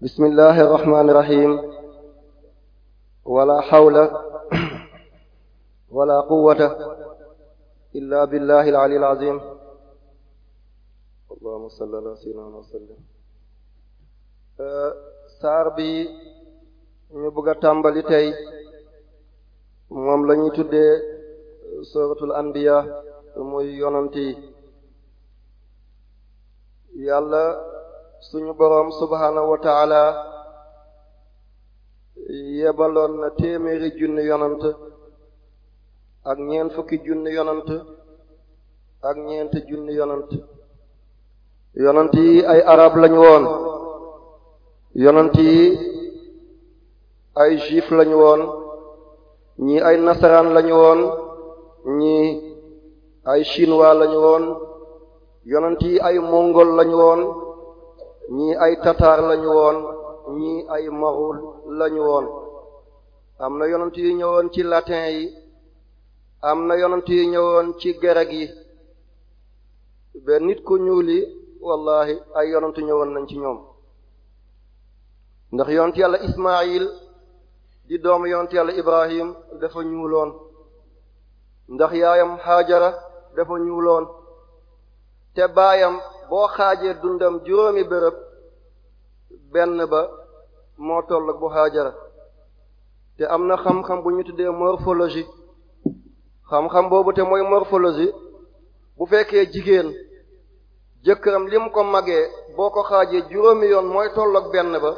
bismillahi irrahmani irahim wala hawla wala quwata illa billahi alali alazim saar bi ñu bëgg a tey moom la ñuy tuddee suratul anbiya muy yonanti yàlla suñu borom subhaanahu wa taala yebaloon na téeméeri junni yonant ak ñeent fukki junni yonant ak ñeent junni yonant yonant yi ay arab lañu woon yonant yi ay juif lañu woon ñii ay nasaraan lañu woon ñii ay chinois lañu woon yonent yi ay mongol lañu woon ñii ay tataar lañu woon ñii ay marul lañu woon am na yonent yu ñëwoon ci latin yi am na yonent yu ñëwoon ci grec yi ba nit ku ñuul yi wallahi ay yonent ñëwoon nañ ci ñoom ndax yonent yàlla ismail di doom yonent yàlla ibrahim dafa ñuuloon ndax yaayam xaajara dafa ñuuloon te baayam boo xaajee dundam juróomi bërëb benn ba moo toll ak bu xaajara te am na xam-xam bu ñu tuddee morphologie xam-xam boobu te mooy morphologie bu fekkee jigéen jëkkëram lim ko magee boo ko xaajee juróomi yoon mooy tollook benn ba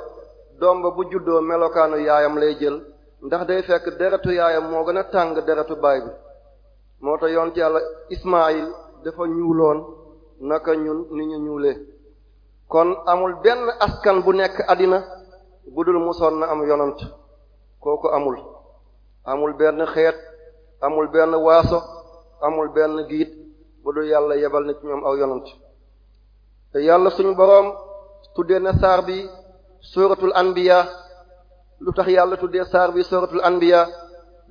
doom ba bu juddoo melokaanu yaayam lay jël ndax day fekk deretu yaayam moo gën a tàng deretu baay bi moo tax yoon ci yàlla Ismaayil dafa ñuuloon naka ñun ni ñu ñuulee kon amul benn askan bu nekk àddina bu dul musoon na am yonant kooku amul amul benn xeet amul benn waaso amul benn giit bu dul yàlla yebal na ci ñoom aw yonant yàlla suñu boroom tuddee na saar bi suratul anbiya lu tax yàlla tuddee saar bi suratul anbiya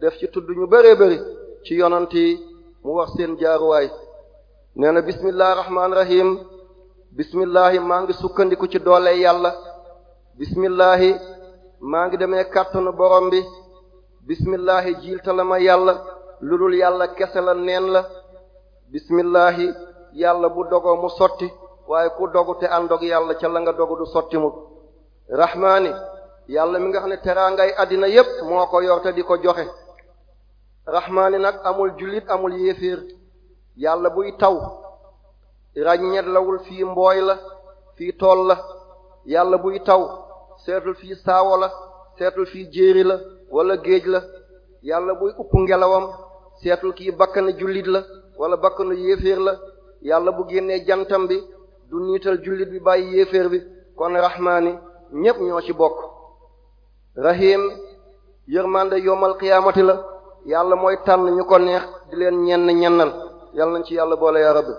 def ci tudd ñu bare bëri ci yonant yi mu wax seen jaaruwaay nee na bismillahi rahmaani rahim bismillahi maa ngi sukkandiku ci doole yàlla bismillahi maa ngi demee kàttanu borom bi bismillahi jiilta la ma yàlla lu dul yàlla kese la neen la bismillahi yàlla bu dogoo mu sotti waaye ku dogu te àndoog yàlla ca la nga dogu du sotti mu rahmaani yàlla mi nga xam ne teraangay àddina yépp nga ko yor te di ko joxe rahmaani nag amul jullit amul yéeféer yàlla buy taw ràññet lawul fii mbooy la fii tool la yàlla buy taw seetul fii saawo la seetul fii jéeri la wala géej la yàlla buy upp ngelawam seetul kii bakkanu jullit la wala bakkanu yéeféer la yàlla bu génnee jantam bi du niital jullit bi bàyyi yéeféer bi kon rahmaani ñépp ñoo ci bokk rahim yërmande yomal qiyaamati la yàlla mooy tànn ñu ko neex di leen ñenn ñennal yàlla nañ ci yàlla boole ya rabbi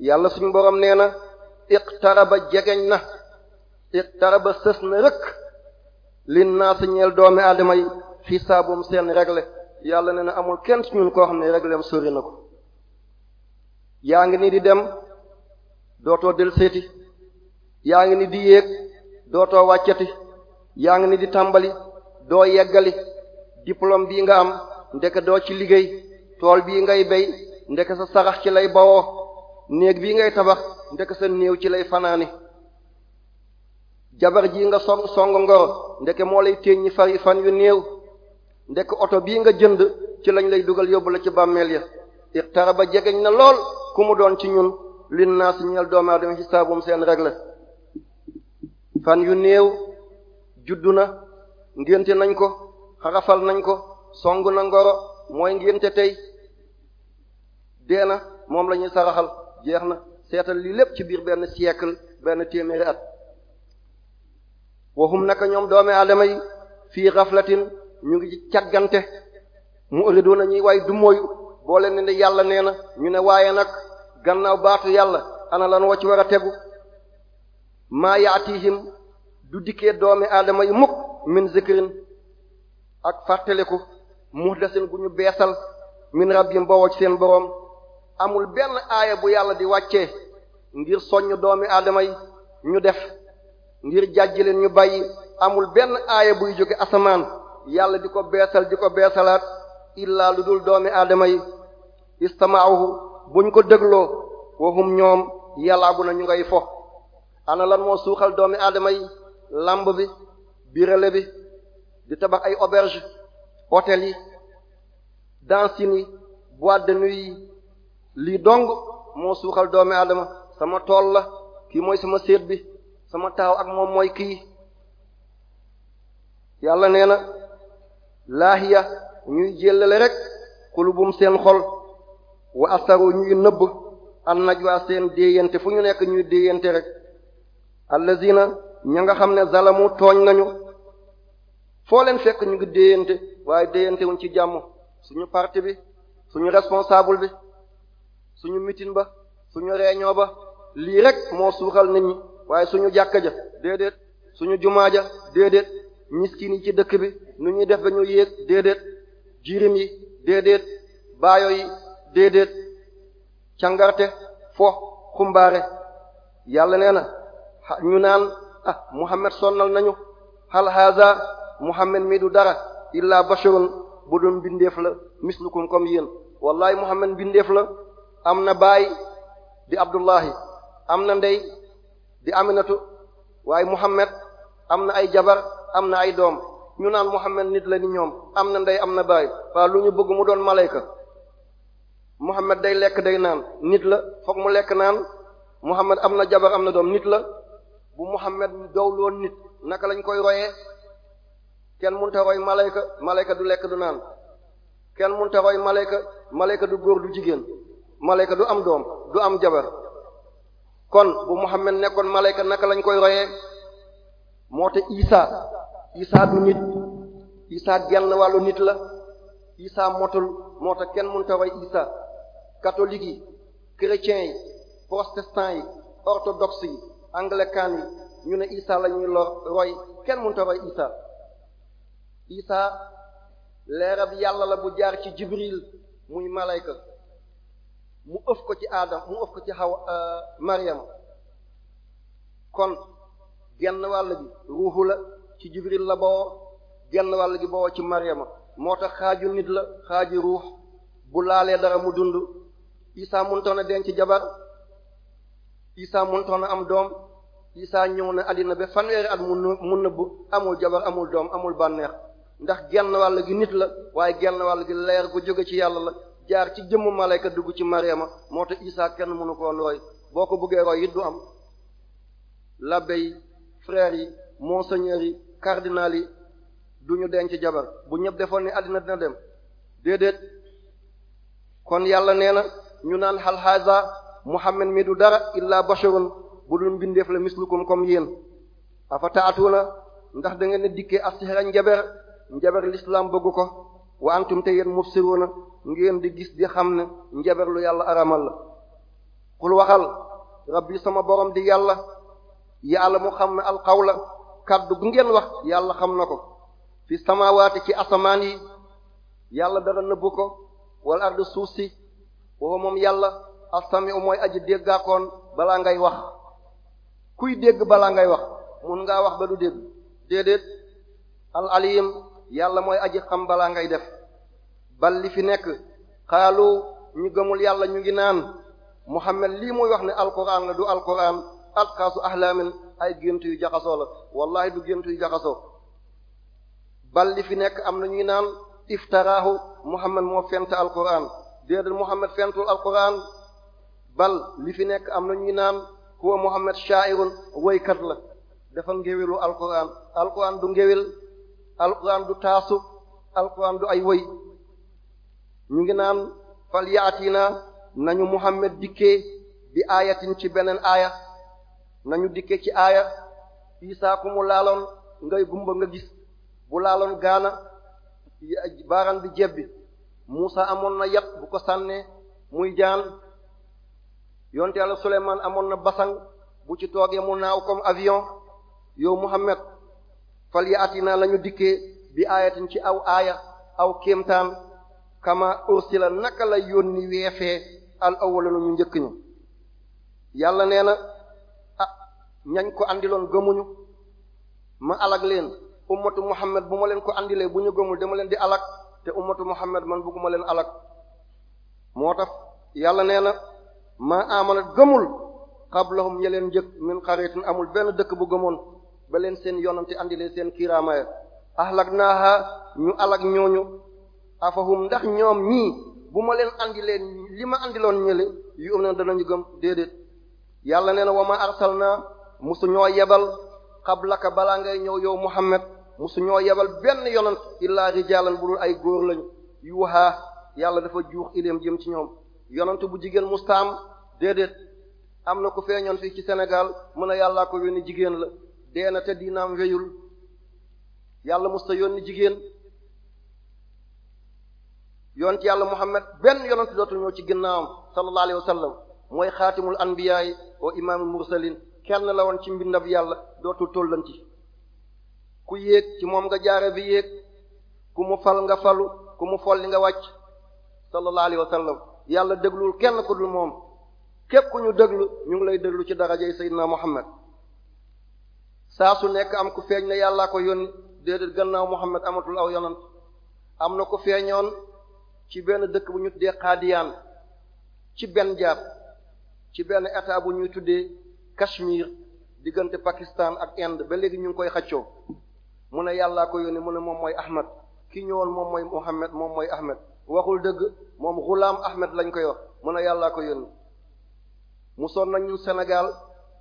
yàlla suñu boroom nee na iqtaraba jegeñ na iqtaraba sës na rëkk lin naa si ñeel doomi aadama yi xisaabum seen réglé yàlla ne na amul kenn ci ñun koo xam ne réglé am sori na ko yaa ngi ni di dem dootoo del seeti yaa ngi ni di yéeg dootoo wàccati yaa ngi ni di tàmbali doo yeggali diplôme bii nga am ndeke doo ci liggéey tool bii ngay bay ndeke sa sarax ci lay bawoo néeg bi ngay tabax ndeke sa néew ci lay fanaani jabar ji nga song song ngor ndeke moo lay téeñ ñi fari fan yu néew ndekk oto bii nga jënd ci lañ lay dugal yóbbu la ci bàmmeel ya ba jegeñ na lool ku mu doon ci ñun lin naa si ñeel doomaa dama xisaabum seen la fan yu néew juddu na ngénte nañ ko xarafal nañ ko song na ngoro mooy ngénte tey dee na moom la ñuy saraxal jeex na seetal lii lépp ci biir benn siècle benn téeméeri at waxum naka ñoom doomi aadama yi fii raflatin ñu ngi ci càggante mu ëridoo na ñuy waay du mooyu boo leen ne yàlla nee na ñu ne waaye nag gannaaw baatu yàlla ana lan wa ci war a tegu maa yaatihim du dikkee doomi aadama yi mukk min zikrin ak fàttaliku muhdasin gu ñu beesal min rabbim bowoo ci seen boroom amul benn aaya bu yàlla di wàcce ngir soññ doomi aadama yi ñu def ngir jàjj leen ñu bàyyi amul benn aaya buy jóge asamaan yàlla di ko beesal di ko beesalaat illaa lu dul doomi aadama yi istamaahu buñ ko dégloo waxum ñoom yàllaagu na ñu ngay fo ana lan moo suuxal doomi adama yi làmb bi birale bi di tabax ay auberge otel yi dancine yi boîte de lii dong moo suuxal doomi aadama sama tool la kii mooy sama séet bi sama taaw ak moom mooy kii yàlla nee na laahiya ñuy jéllale rek xulubum seen xol wa asaru ñuy nëbb an najwa seen déeyante fu ñu nekk ñuy déeyante rek allazina ña nga xam ne zalamu tooñ nañu foo leen fekk ñu ngi déeyante waaye déeyante wuñ ci jàmm suñu parti bi suñu responsable bi suñu mitin ba suñu réunion ba lii rek moo suuxal nit ñi waaye suñu jàkka ja déedéet suñu jumaa ja déedéet miskin yi ci dëkk bi nu ñuy def ba ñu yéeg déedéet jirim yi déedéet baayo yi déedéet càngarte fo xumbaare yàlla nee na ñu naan ah Muhammad sonnal nañu hal haza Muhammad mi du dara illaa basharun bu dum bindeef la mislukum comme yéen wallahi Muhammad bindeef la am na baay di Abdullahi am na ndey di Aminatu waaye Muhammad am na ay jabar am na ay doom ñu naan Muhammad nit la ni ñoom am na ndey am na baay waaw lu ñu bëgg mu doon malayka Muhammad day lekk day naan nit la fokk mu lekk naan Muhammad am na jabar am na doom nit la bu Muhammad dowloon nit naka lañ koy royee kenn mënta roy malayka malayka du lekk du naan kenn mënta roy malayka malayka du góor du jigéen malayka du am doom du am jabar kon bu Muhammad nekkoon malayka naka lañ koy royee moo te Isa Isa du nit Isa genn wàllu nit la Isa motul moo te kenn mënta roy Isa catholique yi chrétien yi protestant yi orthodoxe yi anglican yi ñu ne Isa la ñuy lor roy kenn mënta roy Isa Isa leerab yàlla la bu jaar ci Jibril muy malayka mu ëf ko ci aadam mu ëf ko ci xaw euh, mariam kon genn wàll gi ruuxu ci jibril la bawoo genn wàll gi bawoo ci mariama moo tax xaaju nit la xaaju ruux bu laalee dara mu dund isaa muntoon a denc jabar isaa muntoon a am doom isaa ñëw na àddina ba fanweeri at mu mu nëbb amul jabar amul doom amul bànneex ndax genn wàll gi nit la waaye genn wàll gi leer gu jóge ci yàlla la jaar ci jëmm malayka dugg ci mariama moo tax isa kenn mënu ko looy boo ko bëggee roy it du am l'abbé yi frères yi monseigneurs yi cardinal yi du ñu denc jabar bu ñëpp defoon ni àddina dina dem déedéet kon yàlla nee na ñu naan hal haza muhammad mi du dara illa basharun bu dul mbindeef la mislukum comme yéen afa taatuna ndax da ngeen ne dikkee asihra njaber njaber l'islam bëgg ko wa antum te yéen mubsiruna ngeen di gis di xam ne njabar lu yàlla aramal la xul waxal rabbi sama borom di yàlla yàlla mu xam ne alxawla kaddu gu ngeen wax yàlla xam na ko fi samawaati ci asamaan yi yàlla dara nëbbu ko wala ardu suuf si moom yàlla asami u mooy aji déggaakoon balaa ngay wax kuy dégg balaa ngay wax mun ngaa wax ba du dégg déedéet al alim yàlla mooy aji xam balaa ngay def bal li fi nekk xaalu ñu gëmul yàlla ñu ngi naan Muhammad lii mooy wax ne alquran la du alquran alxaasu ahlaamin ay gént yu jaxasoo la wallahi du gént yu jaxasoo bal li fi nekk am na ñuy naan iftaraahu Muhammad moo fent alquran déedéet Muhammad fentul alquran bal li fi nekk am na ñuy naan huwa Muhammad sha'irun woykat la dafa ngéwélu alquran alquran du ngéwél alquran du taasu alquran du ay woy ñu ngi naan fal yaatina nañu muhammad dikkee bi aayatin ci beneen aaya nañu dikkee ci aaya isaa ku mu laaloon ngay gumba nga gis bu laaloon gaana baaran bi jebbi Muusa amoon na yat bu ko sànnee muy jaan yonte yàlla Suleymaan amoon na basang bu ci toogee mu naaw comme avion yow Muhammad fal naa lañu dikkee bi aayatin ci aw aaya aw kéemtaan kama ursila naka la yónni weefee al awwaluna ñu njëkk ñu yàlla nee na ah ñañ ko andiloon gëmuñu ma alag leen ummatu muhammad bu ma leen ko andilee bu ñu gëmul dama leen di alag te ummatu muhammad man bëgguma leen alag moo tax yàlla nee na ma amanat gëmul qablahum ña leen njëkk min xaritin amul benn dëkk bu gëmoon ba leen seen yonante andilee seen kiiraamaya ahlak naaha ñu alak ñooñu afahum ndax ñoom ñii bu ma leen andilee li ma andiloon ñële yu am na danañu gëm déedéet yàlla nee na wa ma arsalna musu ñoo yebal xablaka balaa ngay ñëw yow Muhammad musu ñoo yebal benn yonant illaa rijaalan bu dul ay góor lañu yuuhaa yàlla dafa juux ileem jëm ci ñoom yonant bu jigéen mustaam déedéet am na ku feeñoon fii ci senegal mën a yàllaa ko yónni jigéen la dee na te diinaam weyul yàlla mu sa yónni jigéen yoon yàlla muhammad benn yonent dootul ñëw ci ginnaawam sallallahu alayhi wa sallam mooy xaatimul anbiyaay wa imaamul mursalin kenn la woon ci mbindab yàlla dootul tollanti ku yéeg ci moom nga jaare bi yéeg ku mu fal nga falu ku mu folli nga wàcc sallallahu alayhi wa sallam yàlla déglul kenn ku dul moom képp ku ñu déglu ñu ngi lay déglu ci darajay sayyidina muhammad saa su nekk am ku feeñ na yàllaa ko yónni déedéet gannaaw Muhammad amatul aw yonant am na ku feeñoon ci benn dëkk bu ñu tuddee Qadiyaan ci benn jaab ci benn état bu ñuy tuddee Cachemire diggante Pakistan ak Inde ba léegi ñu ngi koy xaccoo mu ne yàllaa ko yónni mu ne moom mooy Ahmed ki ñëwoon moom mooy Muhammad moom mooy Ahmed waxul dëgg moom Ghulam Ahmed lañ koy wax mu ne yàllaa ko yónni mu sonn nañu Sénégal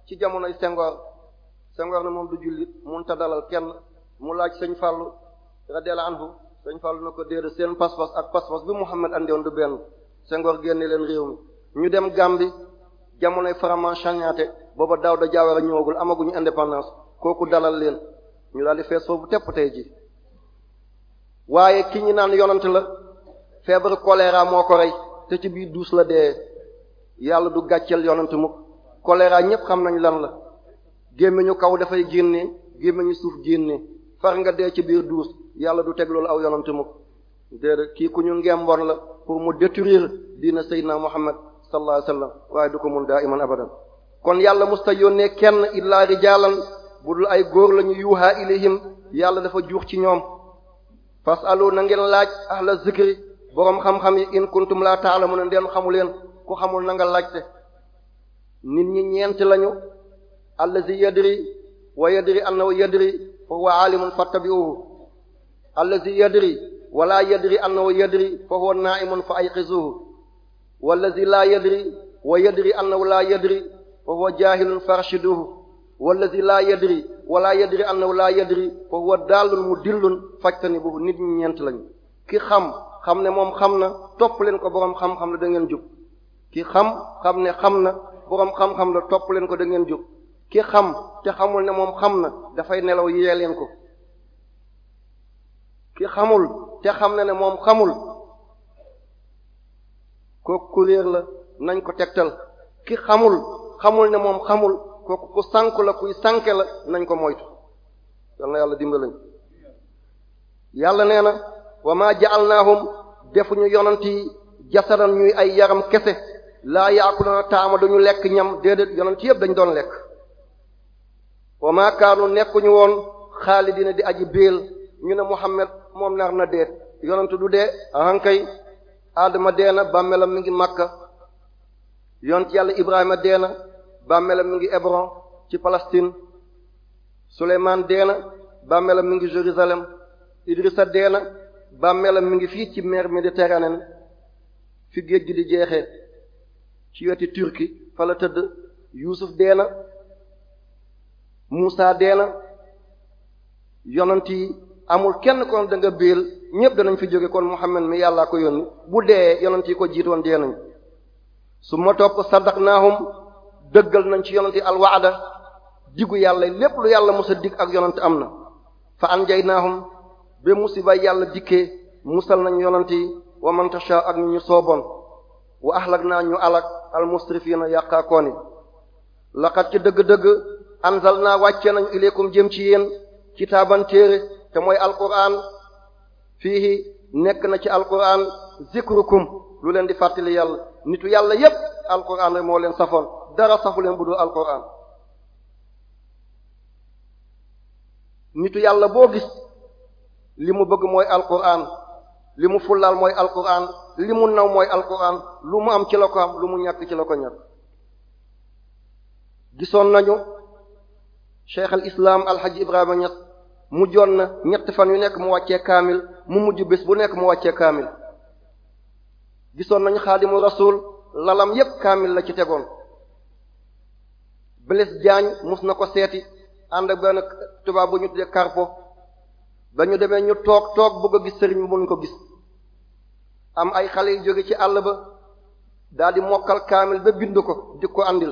ci jamonoy Senghor Senghor ne moom du jullit munta dalal kenn mu laaj sëñ Fallou radiyallahu bu sëñ Fallou na ko déedéet seen pas ak pas-pas bi Mouhamed andi woon du benn Senghor génne leen réew mi ñu dem Gambie jamonoy Faraman Chagnate booba Daouda Diawara ñëwagul amaguñu indépendance kooku dalal leen ñu daal di fees foofu tepp tey ji waaye ki ñu naan yonant la feebaru choléra moo ko rey te ci biir duus la dee yàlla du gàcceel yonant mukk choléra ñépp xam nañ lan la gémmiñu kaw dafay génne gémmiñu suuf génne far nga dee ci biir duus yàlla du teg aw yonante mukk déedéet kii ku ñu ngemboon la pour mu détruire diina sayyidina Muhammad sallallahu alayhi wasallam waaye du ko mun daa iman abadan kon yàlla musta yónnee kenn illaa rijaalan bu dul ay góor lañu yuuhaa ilayhim yàlla dafa juux ci ñoom fasalu na ngeen laaj ahla zikri boroom xam-xam yi in kuntum laa ta'lamuuna ndeen xamu leen ku xamul nanga nga laajte nit ñi ñeent lañu allazi yadri wa yadri annahu yadri fa huwa alimun fattabi'uhu allazi yadri wala yadri annahu yadri fa huwa na'imun fa ay ayqizuhu wallazi la yadri wa yadri annahu la yadri fa huwa jahilun farshiduhu wallazi la yadri wala yadri annahu la yadri fa huwa dallun mudillun fajtanibuhu nit ñi ñeent lañu ki xam xam ne moom xam na topp leen ko boroom xam-xam la dangeen ngeen jub ki xam xam ne xam na borom xam-xam la topp leen ko da ngeen jub ki xam te xamul ne moom xam na dafay nelaw yee leen ko ki xamul te xam na ne moom xamul kooku la nañ ko tegtal ki xamul xamul ne moom xamul kooku ku sànk la kuy sànke la nañ ko moytu yal na yàlla dimbalañ yàlla nee na wa ma ja'alnaahum defuñu yonent yi jasaran ñuy ay yaram kese laa yaakuluna taama dañu lekk ñam déedéet yonent yépp dañ doon lekk wa kaanu nekkuñu woon xaalidina di aji biil ñu ne Muhammad moom nar na dee yonentu du dee ahankay Adama dee na bàmmeelam mi ngi Makka yonent yàlla Ibrahima dee na mu ngi Hébron ci Palestine Souleymane dee na bàmmeelam mi ngi Jérusalem Idrissa dee na mu ngi fii ci mer Méditerranée fi géej gi di jeexee ci weti Turquie fa tëdd Yuusuf dee Moussa dee na yonent yi amul kenn kon da biir béel ñëpp danañ fi jóge kon Muhammad mi yàllaa ko yónni bu dee yonent yi ko jiitoon dee nañ su ma topp saddaqnaahum dëggal nañ ci yonent yi alwaada diggu yàlla lépp lu yàlla musa dikk ak yonent am na fa anjaynaahum ba musiba yàlla dikkee musal nañ yonent yi wa man ak ñu ñu sooboon wa ahlak naa ñu alak almusrifiina yàqaakoon yi laqat ci dëgg-dëgg anzalna wàcce nañu ilaykum jëm ci yéen kitaaban téere te mooy alquran fiihi nekk na ci alquran zikrukum lu leen di fàttali yàlla nitu yàlla yépp alquran rek moo leen safoon dara safu leen bu dul alquran nitu yàlla boo gis li mu bëgg mooy alquran li mu fullaal mooy alquran li mu naw mooy alquran lu mu am ci la ko am lu mu ñàkk ci la ko gisoon nañu cheikh al islam alhaji Ibrahima Niass mujjoon na ñett fan yu nekk mu wàccee kaamil mu mujj bés bu nekk mu wàccee kaamil gisoon nañu xaadimu rasul lalam yépp kaamil la ci tegoon Blaise Diagne mus na ko seeti ànd ak benn tubaab bu ñu tuddee Carpo ba demee ñu toog toog bëgg a gis sëriñ bi mën ko gis am ay xale yu jóge ci àll ba daal di mokkal kaamil ba bind ko di ko andil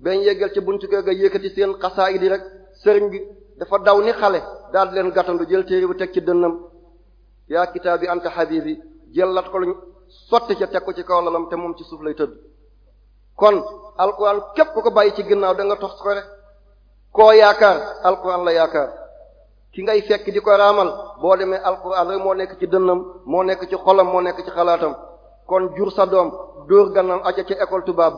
bañ yeggal ci buntu kër ga yëkkati seen xasaayid yi rek sëriñ gi dafa daw ni xale daal di leen gàttandu jël téere bu teg ci dënnam yaa kitaabi anta habibi jël ko luñ sotti ca teg ko ci kaw te moom ci suuf lay tëdd kon alquran képp ku ko bàyyi ci ginnaaw danga tox ko rek koo yaakaar alquran la yaakaar ki ngay fekk di ko raamal boo demee alquran rek moo nekk ci dënnam moo nekk ci xolam moo nekk ci xalaatam kon jur sa doom dóor gannaaw aca ca école tubaab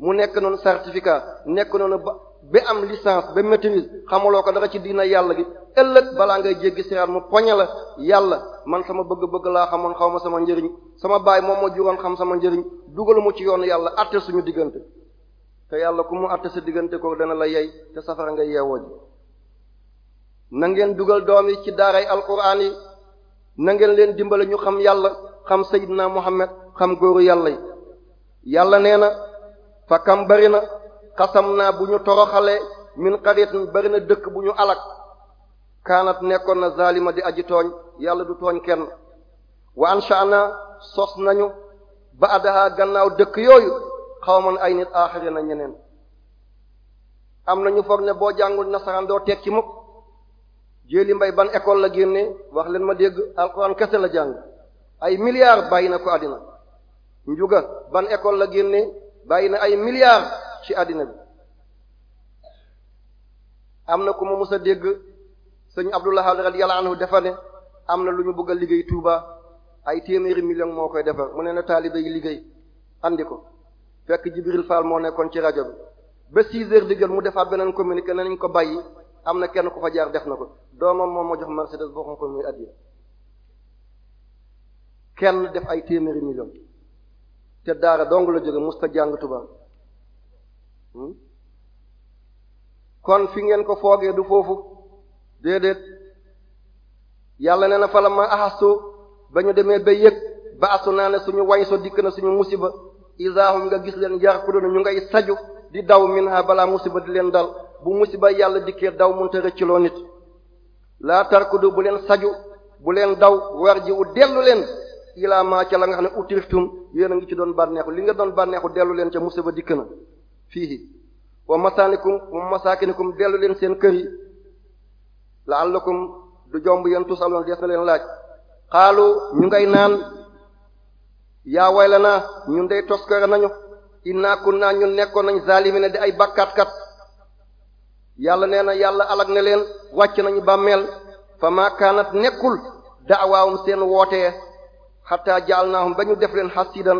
mu nekk noonu certificat nekk noonu ba ba am licence ba maîtrise xamuloo ko dara ci diina yàlla gi ëllëg balaa ngay jéggi siraat mu poñe la yàlla man sama bëgg-bëgg laa xamoon xaw ma sama njëriñ sama baay moom moo juróon xam sama njëriñ dugalu mu ci yoonu yàlla atte suñu diggante te yàlla ku mu atte sa diggante ko dana la yey te safara nga yeewoo ji na ngeen dugal doom yi ci daaray alquran yi na ngeen leen dimbale ñu xam yàlla xam sayyidina muhammad xam góoru yàlla yi fa kam bëri na xasam naa bu ñu toroxalee min xaritin bëri na dëkk bu ñu alak kaanat nekkoon na zalima di aji tooñ yàlla du tooñ kenn wa ansha'na sos nañu ba adaha gannaaw dëkk yooyu xawman ay nit aaxiri na ñeneen am na ñu foog ne boo jàngu nasaraan doo teg ci mukk jéeli mbay ban école la génne wax leen ma dégg alxuraan kese la jàng ay milliards bàyyi na ko àddina njuga ban école la génne bàyyi na ay milliards ci àddina bi am na ku ma mës a dégg sëñ Abdullah radiyallahu anhu dafa ne am na lu ñu bugg a liggéey Touba ay téeméeri million moo koy defar mu ne na taalibe yi liggéey andi ko fekk Jibril Fall moo nekkoon ci rajo bi ba 6 heures di mu defaat beneen communiqué nañ ko bàyyi am na kenn ku fa jaar def na ko doomam moom moo jox Mercedes boo xam ko muy addiya kenn def ay téeméeri million te daara dong la jóge musta jàng tubaab hmm? kon fi ngeen ko foogee du foofu déedéet yàlla nee na fala ma axasu ba ñu demee ba yëg ba asu naa ne suñu way so dikk na suñu musiba isaahum nga gis leen yar ku doon ñu ngay saju di daw min ha balaa musiba di leen dal bu musiba yàlla dikkee daw munta rëcciloo nit laa tarkudu bu leen saju bu leen daw war ji u dellu leen ilaa maa ca xam ne utriftum yéen a ngi ci doon bànneexu li nga doon bànneexu dellu leen ca musiba dikk na fii wa masaanikum wa masaakinikum dellu leen seen kër yi la'allakum du jomb yéen tusaloon des na leen laaj xaalu ñu ngay naan yaa way naa ñun day toskara nañu inna kunna ñun nekkoon nañ zaalimiina di ay bakkaatkat yàlla nee na yàlla alag na leen wàcc nañu bàmmeel fa maa kaanat nekkul da'awaawum seen wootee xataa jaal naahum ba ñu def leen xasidan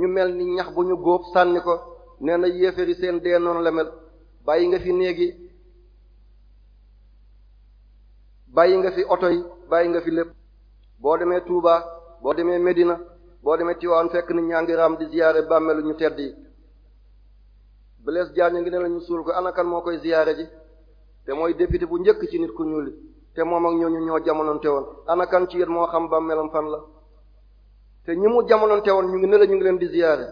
ñu mel ni ñax bu ñu góob sànni ko nee na yéeféri seen dee noonu la mel bàyyi nga fi néegi bàyyi nga fi oto yi bàyyi nga fi lépp boo demee Touba boo demee Medina boo demee Tiwaan fekk ni ñaa ngi raam di ziyaare bàmmeelu ñu tedd yi Blaise Diagne ngi ne la ñu suul ko anakan moo koy ziyaare ji te mooy député bu njëkk ci nit ku ñuul te moom ak ñooñu ñoo jamonoonte woon anakan ci yéen moo xam bàmmeelam fan la te ñi mu jamonoonte woon ñu ngi ne la ñu ngi leen di ziyaare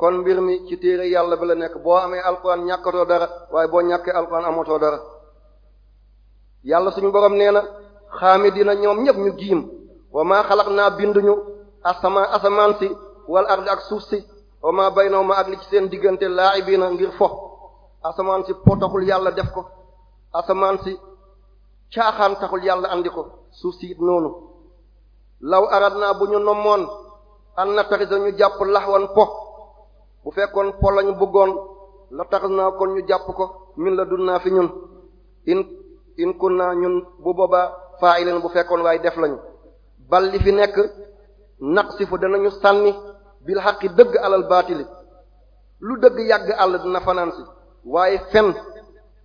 kon mbir mi ci téere yàlla bi la nekk boo amee alquran ñàkkatoo dara waaye boo ñàkkee alquran amatoo dara yàlla suñ borom nee na xaami dina ñoom ñëpp ñu giim wa maa xalaq naa binduñu asama asamaan si wal ard ak suuf si wa maa baynaw ma ak li ci seen diggante laa'ibiina ngir fo asamaan si potaxul yàlla def ko asamaan si caaxaan taxul yàlla andi ko suuf si it noonu law aradna bu ñu nommoon an na taxisa ñu jàpp laxwan po bu fekkoon po lañu bëggoon la taxis naa kon ñu jàpp ko min la dun naa fi ñun in in kun naa ñun bu boobaa faa ileen bu fekkoon waaye def lañu bal li fi nekk naqsifu danañu sànni bil xaqi dëgg alal baatili lu dëgg yàgg àll dina fanaan si waaye fen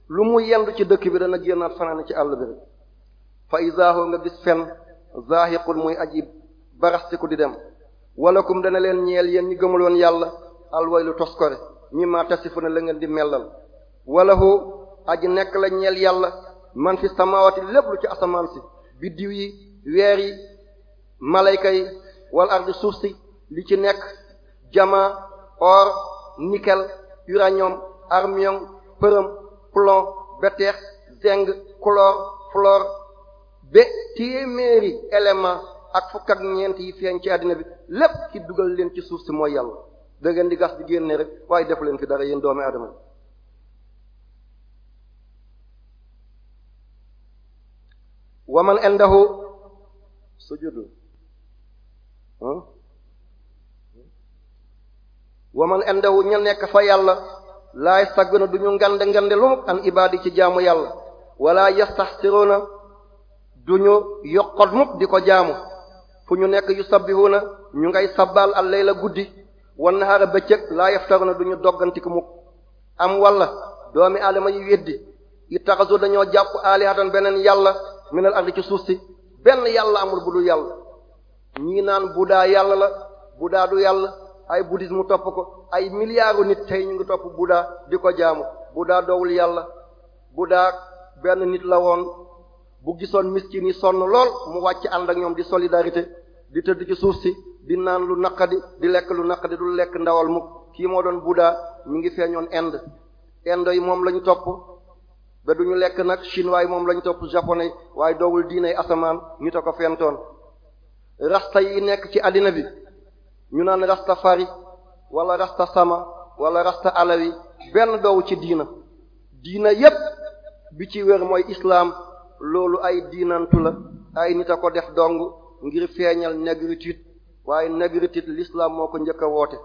lu mu yendu ci dëkk bi dana génnaat fanaan ci àll bi rek fa izaahu nga gis fen zaahiqun muy aji barastiku di dem walakum dana leen ñeel yéen ñi gëmul woon yàlla alwaylu toskore mimma tasifuna la ngeen di mellal walahu aji nekk la ñeel yàlla man fi samawati lépp lu ci asamaan si biddiw yi weeri yi malayka yi wal ardi suuf si li ci nekk diamant or nikel uranium armion përëm plomb béteex zinc chlore fluor ba téeméeri élément ak fukk ak ñeent yi feeñ ci àddina bi lépp ci dugal leen ci suuf si mooy yàlla da ngeen di gas di génne rek waaye def leen fi dara yéen doomi aadama bi waman indahu sujudu hmm? waman indahu ña nekk fa yàlla laay saguna du ñu ngande ngande lu an ibaadi ci jaamu yàlla wala yastaxsiruna du ñu yokkot mukk di ko jaamu fu ñu nekk yu na ñu ngay sabbal al la guddi wan nahaara bëccëg laa yaftaruna du ñu doggantiku mukk am walla doomi aadama yi weddi ittaxasu dañoo jàpp alihatan beneen yàlla minal ardi ci suuf si benn yàlla amul bu dul yàlla ñii naan budaa yàlla la budaa du yàlla ay bouddhisme topp ko ay milliards nit tey ñu ngi topp budaa di ko jaamu budaa dowul yàlla budaa benn nit la woon bu gisoon miskin yi sonn lool mu wàcc ànd ak ñoom di solidarité di tëdd ci suuf si di naan lu naqadi di lekk lu naqadi du lekk ndawal mukk kii moo doon Bouddha mu ngi feeñoon Inde Inde yi moom lañu topp ba du ñu lekk nag chinois waaye moom la ñu topp japonais waaye doowul diinay asamaan ñu te ko fentoon rasta yi nekk ci àddina bi ñu naan rasta fari wala rasta sama wala rasta alawi benn doowu ci diina diina yépp bi ci wér mooy islam loolu ay diinantu la ay nit a ko def dong ngir feeñal négritude waaye négritude lislaam moo ko njëkk woote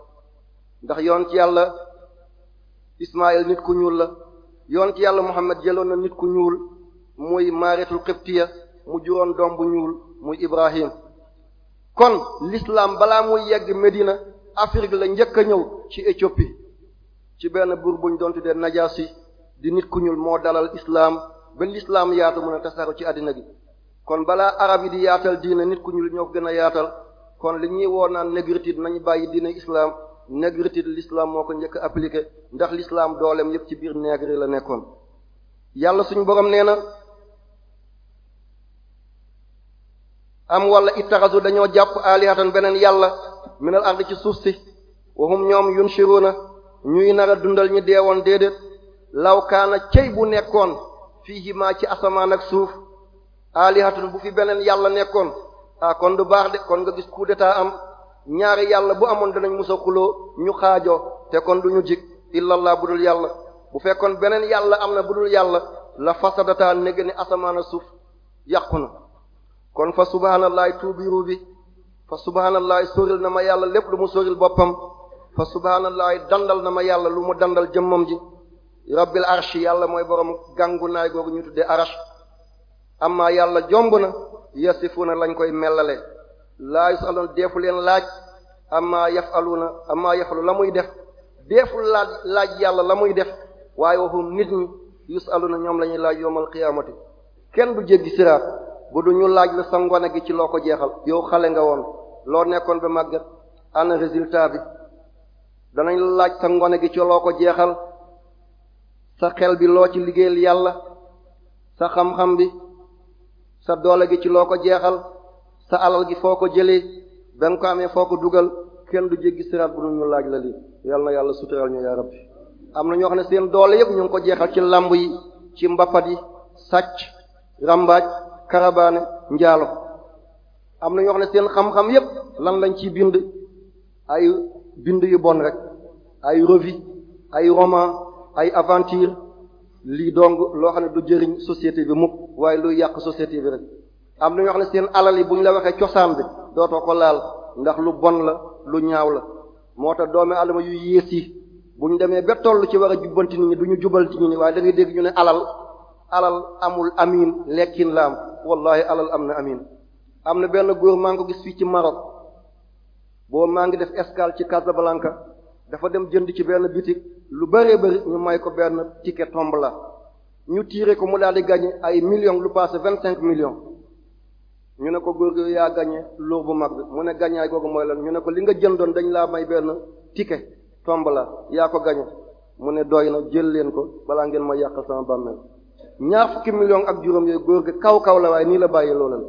ndax yoon yàlla Ismaël nit ku ñuul la yoon ci yàlla Muhammad jëloon na nit ku ñuul muy Maaritul Qibtiya mu juróon doom bu ñuul muy Ibrahim kon l'islam balaa muy yegg Medina Afrique la njëkk a ñëw ci Éthiopie ci benn buur buñ doon tuddee Najasi di nit ku ñuul moo dalal islaam ba lislaam yaatu mën a tasaaro ci àddina gi kon balaa arab yi di yaatal diina nit ku ñuul ñoo gën a yaatal kon li ñuy woo naan négritude nañu bàyyi dina islam négritude l'islam moo ko njëkk a ndax lislaam dooleem yëpp ci biir nègre la nekkoon yàlla suñ borom nee na am wala ittarazu dañoo jàpp alihatan beneen yàlla minal ard ci suuf si waxum ñoom yunshiruna ñuy nara a dundal ñi deewoon déedéet law kaana cey bu nekkoon fiihimaa ci asamaan ak suuf aalihatun bu fi beneen yàlla nekkoon ah kon du baax de kon nga gis coup am ñaari yàlla bu amoon danañ musa xuloo ñu xaajoo te kon du ñu jig illallah bu dul yàlla bu fekkoon beneen yàlla am na bu dul yàlla la fasadataa nege ni asamaan ak suuf yàqu na kon fa subhaanallahi tuubiru bi fa subhaanallahi soril na ma yàlla lépp lu mu soril boppam fa subhaanallahi dandal na ma yàlla lu mu dandal jëmmam ji rabbil arsh yàlla mooy boroomu gàngu naay googu ñu tuddee arash amma yàlla jomb na na lañ koy mellale laa yusalun defu leen laaj amma na amma yafalu la muy def deefu laaj laaj yàlla la muy def waaye waxum nit ñi yusaluna ñoom lañuy ñuy laaj yowmal qiyaamati kenn du jéggi siraat bu du ñu laaj la sa ngone gi ci loo ko jeexal yow xale nga woon loo nekkoon ba màgget ana résultat bi danañ laaj sa ngone gi ci loo ko jeexal sa xel bi loo ci liggéeyal yàlla sa xam-xam bi sa doole gi ci loo ko jeexal sa alal gi foo ko jëlee ba nga ko amee foo ko dugal kenn du jéggi siraat bu ñu laaj la lii yal na yàlla sutural ñu yaa rabbi am na ñoo xam ne seen doole yëpp ñu ngi ko jeexal ci lamb yi ci mbapat yi sàcc rambaaj karabaane njaalo am na ñoo xam seen xam-xam yëpp lan lañ ciy bind ay bind yu bon rek ay revue ay roman ay aventure lii dong loo xam ne du jëriñ société bi mukk waaye luy yàq société bi rek am na ñoo xam ne seen alal yi bu ñu la waxee cosaan bi dootoo ko laal ndax lu bon la lu ñaaw la moo tax doomi adama yu yées yi bu ñu demee ba toll ci war a jubbanti nit du ñu jubanti nit ñi waaye da ngay dégg ñu ne alal alal amul amin lekkin la am wallahi alal am na amin am na benn góor maa ngi ko gis fii ci Maroc boo maa ngi def escale ci Casablanca dafa dem jënd ci benn bitik lu bëree bëri ñu may ko benn ticket tombola ñu tiire ko mu daal di gagné ay millions lu passé vingt cinq million ñu ne ko góor gi yaa gagné lour bu mag bi mu ne gagné ay googu mooy la ñu ne ko li nga jëndoon dañ laa may benn tomb la yaa ko gagné mu ne doy na jël leen ko balaa ngeen ma yàqal sama bàmmeel ñaar fukki million ak juróom yooyu góor gi kaw kaw la waaye nii la bàyyi la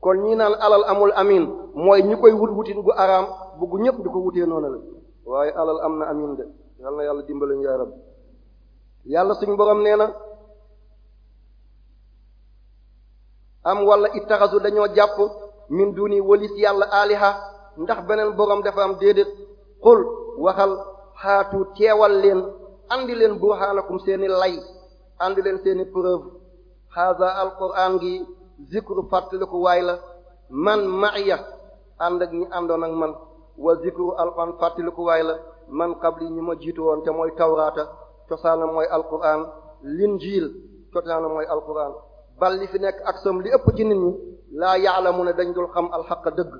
kon ñi naan alal amul amin mooy ñi koy wut wutin gu araam bu ñëpp di ko wutee noonu la waaye alal am na amin de yal yàlla dimbali ñu yaarab yàlla suñ borom nee na am wala ittaxasu dañoo jàpp min duni walis yàlla aliha ndax beneen borom dafa am déedéet xul waxal xaatu teewal leen andi leen burhanakum seeni lay andi leen seeni preuve xaasa alquran gi zikru fàttaliku waay la man ma'iya ànd ak ñi àndoon ak man wa zikru alquran fàttaliku waay la man qabli ñu ma jiitu woon te mooy tawraata cosaanam mooy alquran linjiil cosaanam mooy alquran bal li fi nekk ak sam li ëpp ci nit ñi laa yaalamu ne dañ dul xam alxaqa dëgg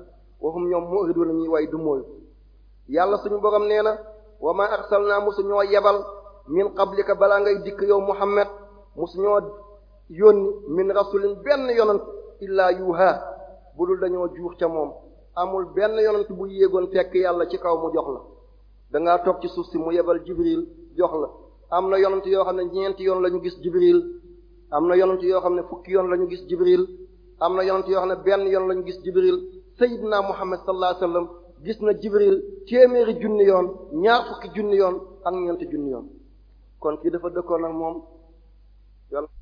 waxum ñoom mu'ridu la ñuy way du mooy yàlla suñu borom nee na wa ma arsalnaa mosu ñoo yebal min qablika balaa ngay dikk yow muhammad mosu ñoo yónni min rasulin benn yonent illaa yuha budul dañoo juux ca moom amul benn yonent bu yéegoon fekk yàlla ci kaw mu jox la dangaa toog ci suuf si mu yebal jibril jox la am na yonant yoo xam ne ñeenti yoon la ñu gis jibril am na yonent yoo xam ne yoon la ñu gis jibril am na yonent yoo xam ne benn yoon la ñu gis jibril sayyidina muhammad sallallahu alayhi wasallam gis na jibril téeméeri junni yoon ñaar fukki junni yoon ak ñeenti junni yoon kon kii dafa dëkkoon ak moom